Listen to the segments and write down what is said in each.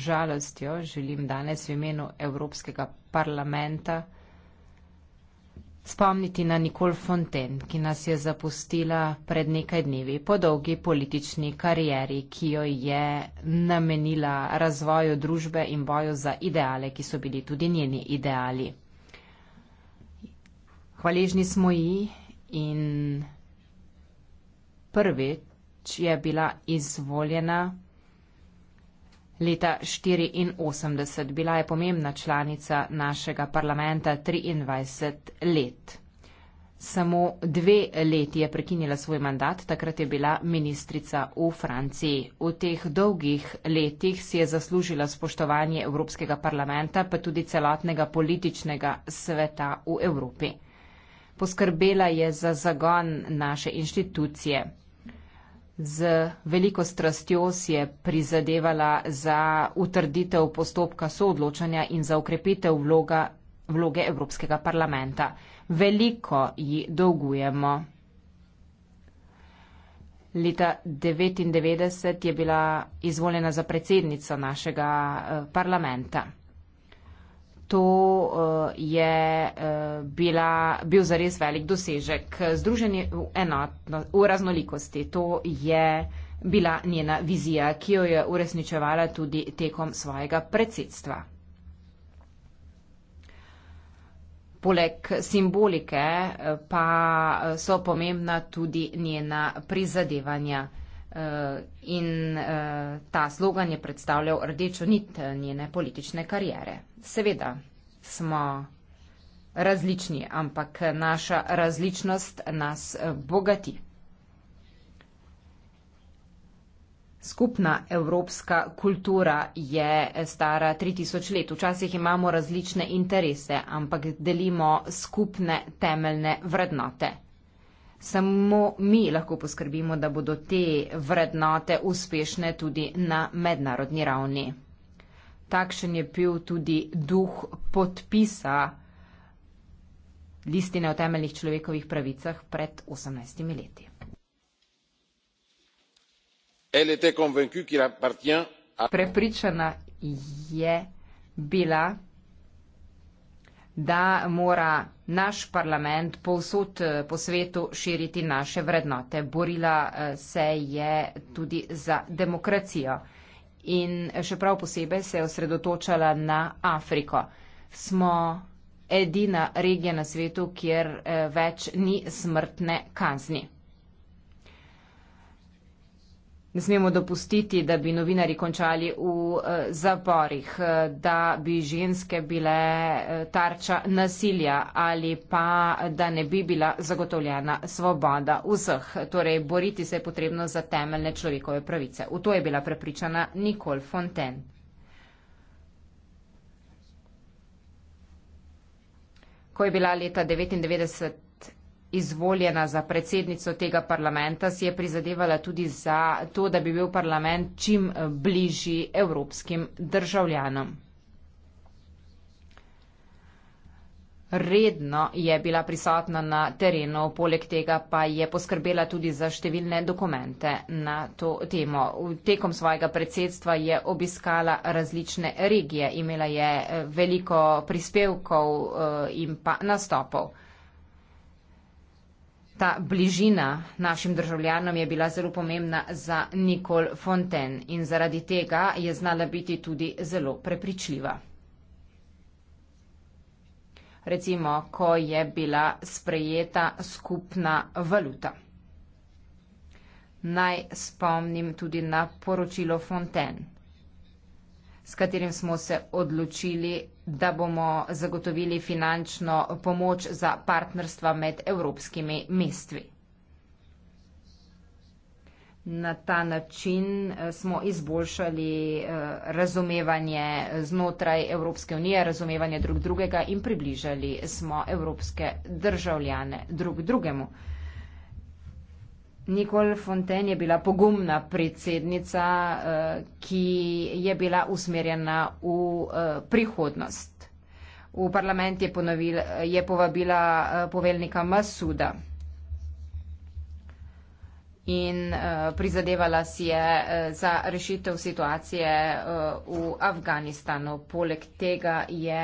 žalostjo želim danes v imenu Evropskega parlamenta spomniti na Nicole Fontaine, ki nas je zapustila pred nekaj dnevi po dolgi politični karieri, ki jo je namenila razvoju družbe in boju za ideale, ki so bili tudi njeni ideali. Hvaležni smo ji in prvič je bila izvoljena Leta 1984 bila je pomembna članica našega parlamenta 23 let. Samo dve leti je prekinila svoj mandat, takrat je bila ministrica v Franciji. V teh dolgih letih si je zaslužila spoštovanje Evropskega parlamenta, pa tudi celotnega političnega sveta v Evropi. Poskrbela je za zagon naše inštitucije, z veliko strastjo si je prizadevala za utrditev postopka soodločanja in za ukrepitev vloga, vloge Evropskega parlamenta. Veliko ji dolgujemo. Leta 1999 je bila izvoljena za predsednico našega eh, parlamenta to eh, je eh, bila, bil zares velik dosežek. Združenje v, enotno, v raznolikosti, to je bila njena vizija, ki jo je uresničevala tudi tekom svojega predsedstva. Poleg simbolike eh, pa so pomembna tudi njena prizadevanja in ta slogan je predstavljal rdečo nit njene politične karijere seveda smo različni, ampak naša različnost nas eh, bogati. Skupna evropska kultura je eh, stara 3000 let. Včasih imamo različne interese, ampak delimo skupne temeljne vrednote. Samo mi lahko poskrbimo, da bodo te vrednote uspešne tudi na mednarodni ravni takšen je bil tudi duh podpisa listine o temeljnih človekovih pravicah pred 18 leti. Prepričana je bila, da mora naš parlament povsod eh, po svetu širiti naše vrednote. Borila eh, se je tudi za demokracijo in še prav posebej se je osredotočala na Afriko. Smo edina regija na svetu, kjer eh, več ni smrtne kazni. Ne smemo dopustiti, da bi novinari končali v eh, zaporih, eh, da bi ženske bile eh, tarča nasilja ali pa da ne bi bila zagotovljena svoboda vseh. Torej, boriti se je potrebno za temeljne človekove pravice. V to je bila prepričana Nicole Fontaine. Ko je bila leta 1999 izvoljena za predsednico tega parlamenta, si je prizadevala tudi za to, da bi bil parlament čim eh, bližji evropskim državljanom. Redno je bila prisotna na terenu, poleg tega pa je poskrbela tudi za številne dokumente na to temo. V tekom svojega predsedstva je obiskala različne regije, imela je eh, veliko prispevkov eh, in pa nastopov. Ta bližina našim državljanom je bila zelo pomembna za Nicole Fontaine in zaradi tega je znala biti tudi zelo prepričljiva. Recimo, ko je bila sprejeta skupna valuta. Naj spomnim tudi na poročilo Fontaine s katerim smo se odločili, da bomo zagotovili finančno pomoč za partnerstva med evropskimi mestvi. Na ta način eh, smo izboljšali eh, razumevanje znotraj Evropske unije, razumevanje drug drugega in približali smo evropske državljane drug drugemu. Nicole Fontaine je bila pogumna predsednica, eh, ki je bila usmerjena v eh, prihodnost. V parlament je, ponovil, je povabila eh, poveljnika Masuda in prizadevala si je za rešitev situacije v Afganistanu. Poleg tega je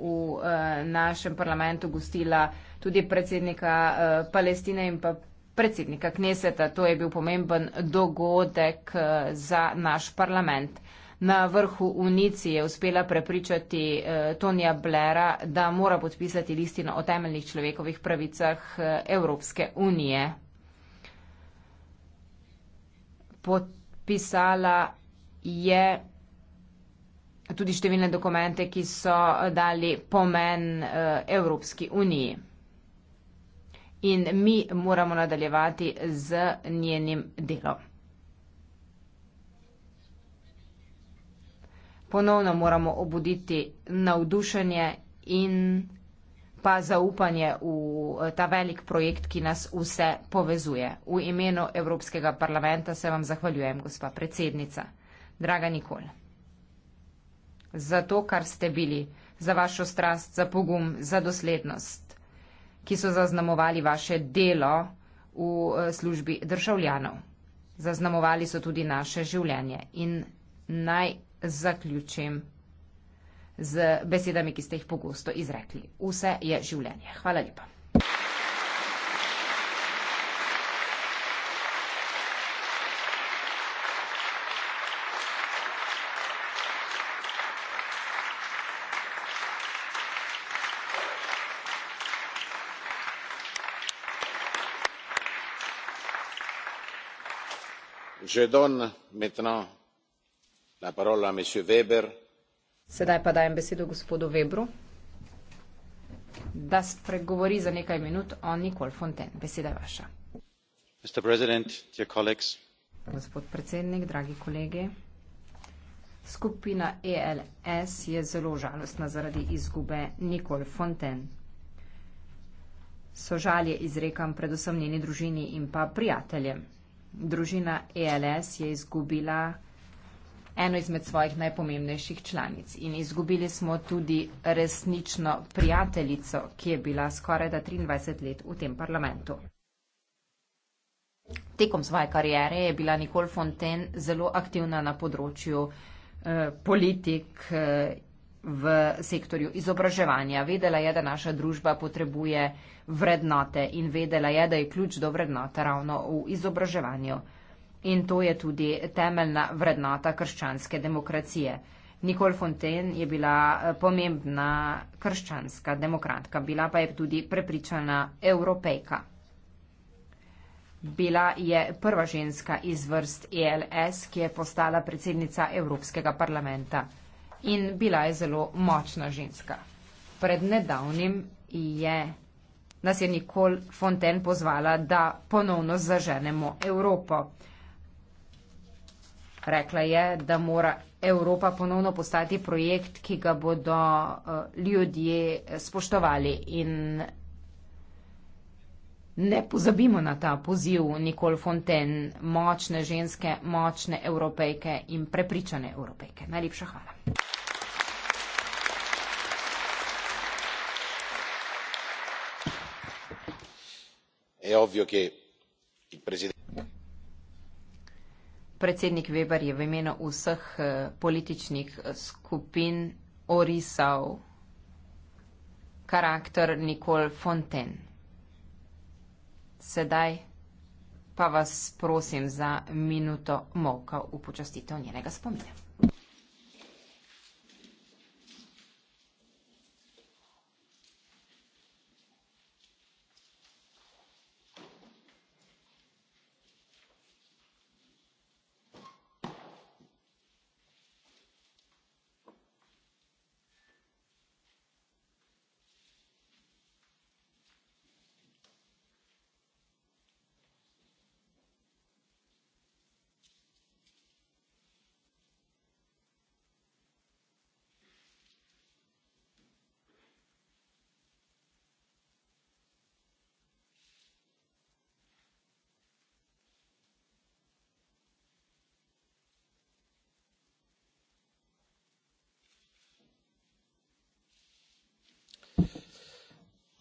v našem parlamentu gostila tudi predsednika Palestine in pa predsednika Kneseta. To je bil pomemben dogodek eh, za naš parlament. Na vrhu Unici je uspela prepričati eh, Tonija Blera, da mora podpisati listino o temeljnih človekovih pravicah eh, Evropske unije. Podpisala je tudi številne dokumente, ki so dali pomen Evropski uniji in mi moramo nadaljevati z njenim delom. Ponovno moramo obuditi navdušenje in pa zaupanje v eh, ta velik projekt, ki nas vse povezuje. V imenu Evropskega parlamenta se vam zahvaljujem, gospa predsednica. Draga Nikol, za to, kar ste bili, za vašo strast, za pogum, za doslednost, ki so zaznamovali vaše delo v eh, službi državljanov. Zaznamovali so tudi naše življenje. In naj zaključim z besedami, ki ste jih pogosto izrekli. Vse je življenje. Hvala lepa. sedaj pa dajem besedo gospodu Weberu, da spregovori za nekaj minut o Nicole Fontaine. Beseda je vaša. Mr. President, dear colleagues. Gospod predsednik, dragi kolegi. Skupina ELS je zelo žalostna zaradi izgube Nicole Fontaine. Sožalje izrekam predvsem njeni družini in pa prijateljem. Družina ELS je izgubila eno izmed svojih najpomembnejših članic in izgubili smo tudi resnično prijateljico, ki je bila skoraj da 23 let v tem parlamentu. Tekom svoje karijere je bila Nicole Fontaine zelo aktivna na področju eh, politik eh, v sektorju izobraževanja. Vedela je, da naša družba potrebuje vrednote in vedela je, da je ključ do vrednota ravno v izobraževanju. In to je tudi temeljna vrednota krščanske demokracije. Nicole Fontaine je bila eh, pomembna krščanska demokratka, bila pa je tudi prepričana evropejka. Bila je prva ženska iz vrst ELS, ki je postala predsednica Evropskega parlamenta in bila je zelo močna ženska. Pred nedavnim je nas je Nikol Fonten pozvala, da ponovno zaženemo Evropo. Rekla je, da mora Evropa ponovno postati projekt, ki ga bodo eh, ljudje eh, spoštovali in Ne pozabimo na ta poziv Nicole Fontaine, močne ženske, močne evropejke in prepričane evropejke. Najlepša hvala. Je ovvio, da je predsednik. Predsednik Weber je v imenu vseh eh, političnih eh, skupin orisal karakter Nicole Fontaine. Sedaj pa vas prosim za minuto molka v počastitev njenega spomina.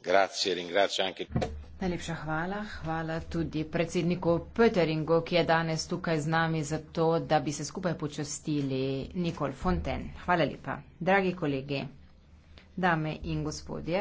Grazie, ringrazio anche. Najlepša hvala. Hvala tudi predsedniku Pöteringu, ki je danes tukaj z nami za to, da bi se skupaj počastili Nikol Fonten. Hvala lepa. Dragi kolegi, dame in gospodje.